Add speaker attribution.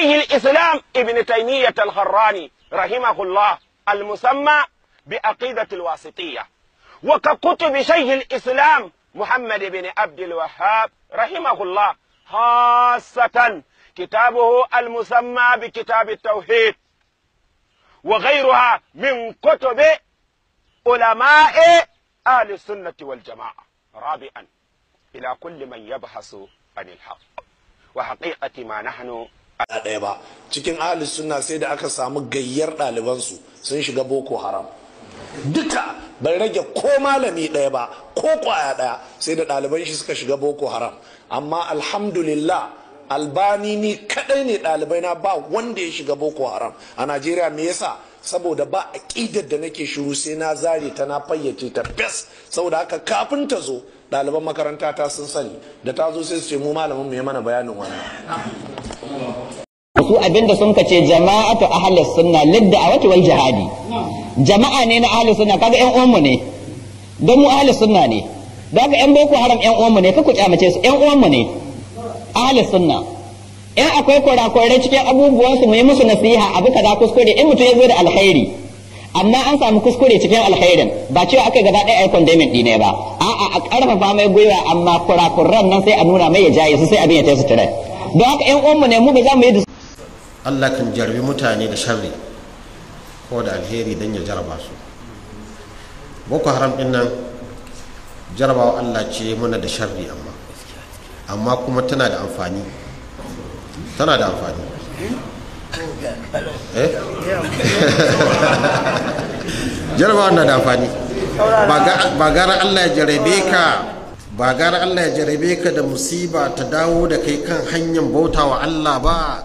Speaker 1: شيخ الإسلام ابن تيمية الغراني رحمه الله المسمى بعقيدة الواسطية وككتب شيخ الإسلام محمد بن عبد الوهاب رحمه الله خاصة كتابه المسمى بكتاب التوحيد
Speaker 2: وغيرها
Speaker 1: من كتب علماء أهل السنة والجماعة رابعا إلى كل من يبحث عن الحق وحقيقة ما نحن a ɗaya ba
Speaker 3: cikin ahli sunna sai da aka samu gayyar ɗalibansu sun shiga boko haram duka bai rage ko malami ɗaya ba ko kwaya ɗaya sai da ɗaliban shi suka shiga boko haram amma alhamdulillah albani ni kadai ne ɗalibai na ba wanda ya shiga boko haram a najeriya me yasa saboda ba aƙidar da nake shiru sai na zare ta na fayyace ta fes saboda haka kafin ta zo ɗaliban makaranta ta sun sani da ta zo sai su ce mu malamin mu ya mana bayanin wannan
Speaker 2: abin abinda sun kace jama'atu ahlus sunna lidda a wata wal jihadi jama'a ne na ahlus sunna kaga yan uwanmu ne don mu ahlus sunna ne da haka yan boko haram yan uwanmu ne kaku kyamace su yan uwanmu ne ahlus sunna in akwai kurakurai cikin abubuwan su mu yi musu nasiha abu kaza kuskure in mutum ya zo da alkhairi amma an samu kuskure cikin alkhairin ba cewa aka gaba ɗaya aikon daimin ɗine ba a'a a ƙarfafa mai gwiwa amma kurakuran nan sai a nuna mai ya jaye su sai abin ya tai su tare don haka yan uwanmu ne mu ba za mu yi
Speaker 4: Allah kan jarbi mutane da sharri ko da alheri dan ya jaraba su boko haram din nan jarabawa Allah ce muna da sharri amma amma kuma tana da amfani tana da amfani eh jarabawa na da amfani ba gara Allah ya jarabe ka ba gara Allah ya jarabe ka da musiba ta dawo da kai kan hanyar bautawa Allah ba